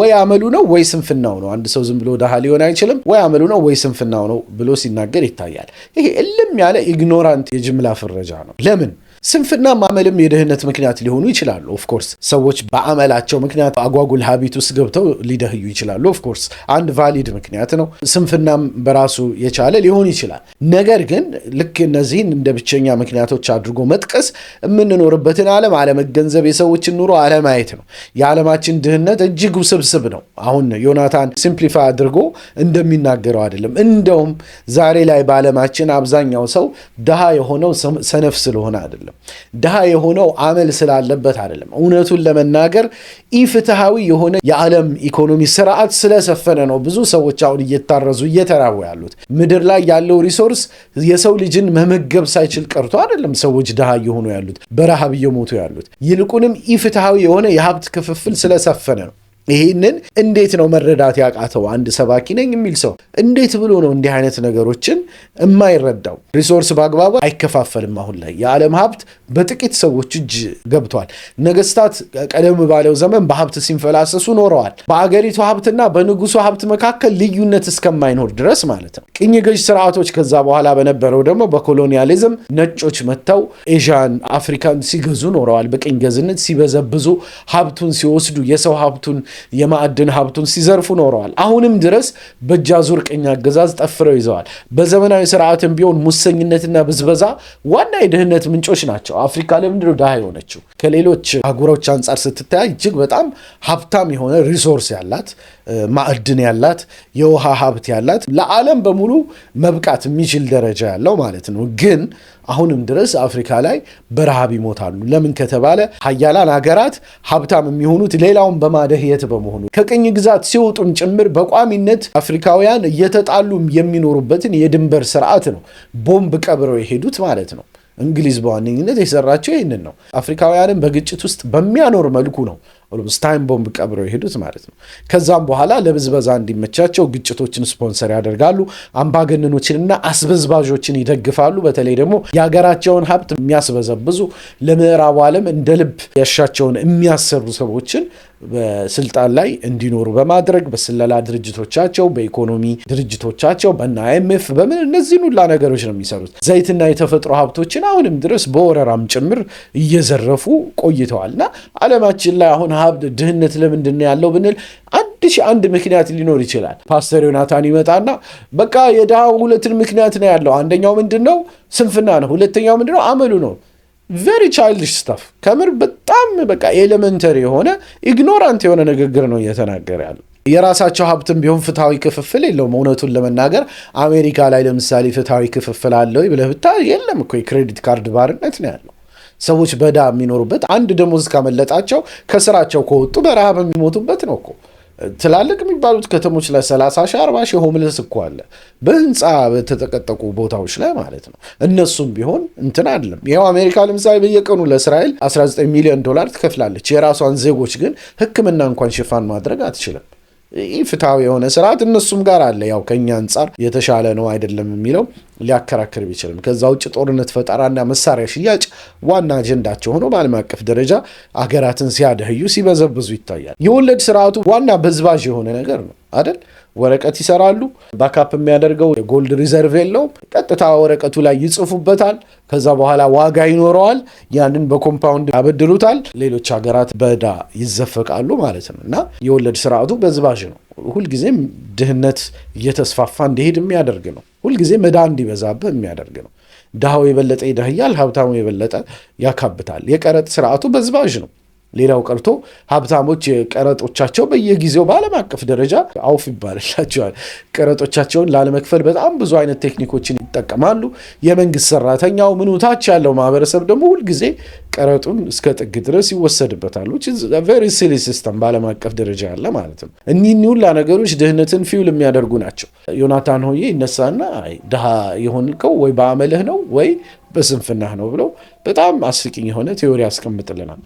ወይ አመሉ ነው ወይ ስንፍናው ነው። አንድ ሰው ዝም ብሎ ደሃ ሊሆን አይችልም። ወይ አመሉ ነው ወይ ስንፍናው ነው ብሎ ሲናገር ይታያል። ይሄ እልም ያለ ኢግኖራንት የጅምላ ፍረጃ ነው። ለምን ስንፍና ማመልም የድህነት ምክንያት ሊሆኑ ይችላሉ። ኦፍኮርስ ሰዎች በአመላቸው ምክንያት አጓጉል ሀቢት ውስጥ ገብተው ሊደህዩ ይችላሉ። ኦፍኮርስ አንድ ቫሊድ ምክንያት ነው። ስንፍናም በራሱ የቻለ ሊሆን ይችላል። ነገር ግን ልክ እነዚህን እንደ ብቸኛ ምክንያቶች አድርጎ መጥቀስ የምንኖርበትን ዓለም አለመገንዘብ፣ የሰዎችን ኑሮ አለማየት ነው። የዓለማችን ድህነት እጅግ ውስብ ስብስብ ነው። አሁን ዮናታን ሲምፕሊፋይ አድርጎ እንደሚናገረው አይደለም። እንደውም ዛሬ ላይ በዓለማችን አብዛኛው ሰው ድሃ የሆነው ሰነፍ ስለሆነ አይደለም፣ ድሃ የሆነው አመል ስላለበት አይደለም። እውነቱን ለመናገር ኢፍትሃዊ የሆነ የዓለም ኢኮኖሚ ስርዓት ስለሰፈነ ነው ብዙ ሰዎች አሁን እየታረዙ እየተራቡ ያሉት። ምድር ላይ ያለው ሪሶርስ የሰው ልጅን መመገብ ሳይችል ቀርቶ አይደለም ሰዎች ድሃ እየሆኑ ያሉት፣ በረሃብ እየሞቱ ያሉት። ይልቁንም ኢፍትሃዊ የሆነ የሀብት ክፍፍል ስለሰፈነ ነው። ይህንን እንዴት ነው መረዳት ያቃተው? አንድ ሰባኪ ነኝ የሚል ሰው እንዴት ብሎ ነው እንዲህ አይነት ነገሮችን የማይረዳው? ሪሶርስ በአግባቡ አይከፋፈልም። አሁን ላይ የዓለም ሀብት በጥቂት ሰዎች እጅ ገብቷል። ነገስታት ቀደም ባለው ዘመን በሀብት ሲንፈላሰሱ ኖረዋል። በአገሪቱ ሀብትና በንጉሱ ሀብት መካከል ልዩነት እስከማይኖር ድረስ ማለት ነው። ቅኝ ገዥ ስርዓቶች፣ ከዛ በኋላ በነበረው ደግሞ በኮሎኒያሊዝም ነጮች መጥተው ኤዥያን አፍሪካን ሲገዙ ኖረዋል። በቅኝ ገዝነት ሲበዘብዙ ሀብቱን ሲወስዱ የሰው ሀብቱን የማዕድን ሀብቱን ሲዘርፉ ኖረዋል። አሁንም ድረስ በእጅ አዙር ቅኝ አገዛዝ ጠፍረው ይዘዋል። በዘመናዊ ስርዓትም ቢሆን ሙሰኝነትና ብዝበዛ ዋና የድህነት ምንጮች ናቸው። አፍሪካ ለምንድነው ድሃ የሆነችው? ከሌሎች አህጉሮች አንጻር ስትታይ እጅግ በጣም ሀብታም የሆነ ሪሶርስ ያላት ማዕድን ያላት የውሃ ሀብት ያላት ለዓለም በሙሉ መብቃት የሚችል ደረጃ ያለው ማለት ነው። ግን አሁንም ድረስ አፍሪካ ላይ በረሃብ ይሞታሉ። ለምን ከተባለ ሀያላን ሀገራት ሀብታም የሚሆኑት ሌላውን በማደህየት በመሆኑ ከቅኝ ግዛት ሲወጡም ጭምር በቋሚነት አፍሪካውያን እየተጣሉ የሚኖሩበትን የድንበር ስርዓት ነው ቦምብ ቀብረው የሄዱት ማለት ነው። እንግሊዝ በዋነኝነት የሰራቸው ይህንን ነው። አፍሪካውያንን በግጭት ውስጥ በሚያኖር መልኩ ነው ኦልሞስት ታይም ቦምብ ቀብረው የሄዱት ማለት ነው። ከዛም በኋላ ለብዝበዛ እንዲመቻቸው ግጭቶችን ስፖንሰር ያደርጋሉ። አምባገነኖችንና አስበዝባዦችን ይደግፋሉ። በተለይ ደግሞ የሀገራቸውን ሀብት የሚያስበዘብዙ ለምዕራቡ ዓለም እንደ ልብ ያሻቸውን የሚያሰሩ ሰዎችን በስልጣን ላይ እንዲኖሩ በማድረግ በስለላ ድርጅቶቻቸው፣ በኢኮኖሚ ድርጅቶቻቸው፣ በና አይምፍ በምን እነዚህን ሁላ ነገሮች ነው የሚሰሩት። ዘይትና የተፈጥሮ ሀብቶችን አሁንም ድረስ በወረራም ጭምር እየዘረፉ ቆይተዋል እና አለማችን ላይ አሁን ሀብት ድህነት ለምንድን ነው ያለው ብንል አንድ ሺህ አንድ ምክንያት ሊኖር ይችላል። ፓስተር ዮናታን ይመጣና በቃ የድሃ ሁለትን ምክንያት ነው ያለው። አንደኛው ምንድን ነው? ስንፍና ነው። ሁለተኛው ምንድን ነው? አመሉ ነው። ቨሪ ቻይልድሽ ስታፍ ከምር በጣም በቃ ኤሌመንተሪ የሆነ ኢግኖራንት የሆነ ንግግር ነው እየተናገረ ያለው። የራሳቸው ሀብትም ቢሆን ፍትሐዊ ክፍፍል የለውም። እውነቱን ለመናገር አሜሪካ ላይ ለምሳሌ ፍትሐዊ ክፍፍል አለው ብለህ ብታይ የለም እኮ የክሬዲት ካርድ ባርነት ነው ያለው። ሰዎች በዳ የሚኖሩበት አንድ ደሞዝ ካመለጣቸው ከስራቸው ከወጡ በረሃብ የሚሞቱበት ነው እኮ ትላልቅ የሚባሉት ከተሞች ላይ 30 ሺህ 40 ሺህ ሆምለስ እኮ አለ፣ በህንፃ በተጠቀጠቁ ቦታዎች ላይ ማለት ነው። እነሱም ቢሆን እንትን አይደለም። ይኸው አሜሪካ ለምሳሌ በየቀኑ ለእስራኤል 19 ሚሊዮን ዶላር ትከፍላለች። የራሷን ዜጎች ግን ህክምና እንኳን ሽፋን ማድረግ አትችልም። ይህ ፍትሐዊ የሆነ ስርዓት እነሱም ጋር አለ። ያው ከኛ አንጻር የተሻለ ነው አይደለም የሚለው ሊያከራክር ቢችልም ከዛ ውጭ ጦርነት ፈጠራና መሳሪያ ሽያጭ ዋና አጀንዳቸው ሆኖ በዓለም አቀፍ ደረጃ አገራትን ሲያደህዩ ሲበዘብዙ ይታያል። የወለድ ስርዓቱ ዋና በዝባዥ የሆነ ነገር ነው አይደል? ወረቀት ይሰራሉ። ባካፕ የሚያደርገው የጎልድ ሪዘርቭ የለውም። ቀጥታ ወረቀቱ ላይ ይጽፉበታል። ከዛ በኋላ ዋጋ ይኖረዋል። ያንን በኮምፓውንድ ያበድሉታል። ሌሎች ሀገራት በዕዳ ይዘፈቃሉ ማለት ነው እና የወለድ ስርዓቱ በዝባዥ ነው። ሁልጊዜም ድህነት እየተስፋፋ እንዲሄድ የሚያደርግ ነው። ሁልጊዜም ዕዳ እንዲበዛብህ የሚያደርግ ነው። ድሃው የበለጠ ይደህያል፣ ሀብታሙ የበለጠ ያካብታል። የቀረጥ ስርዓቱ በዝባዥ ነው። ሌላው ቀርቶ ሀብታሞች ቀረጦቻቸው በየጊዜው በዓለም አቀፍ ደረጃ አውፍ ይባልላቸዋል። ቀረጦቻቸውን ላለመክፈል በጣም ብዙ አይነት ቴክኒኮችን ይጠቀማሉ። የመንግስት ሰራተኛው ምኑ ታች ያለው ማህበረሰብ ደግሞ ሁልጊዜ ቀረጡን እስከ ጥግ ድረስ ይወሰድበታል። ቬሪ ሲሊ ሲስተም በዓለም አቀፍ ደረጃ ያለ ማለት ነው። እኒህ ሁላ ነገሮች ድህነትን ፊውል የሚያደርጉ ናቸው። ዮናታን ሆዬ ይነሳና ድሃ የሆንከው ወይ በአመልህ ነው ወይ በስንፍናህ ነው ብለው በጣም አስቂኝ የሆነ ቴዎሪ ያስቀምጥልናል።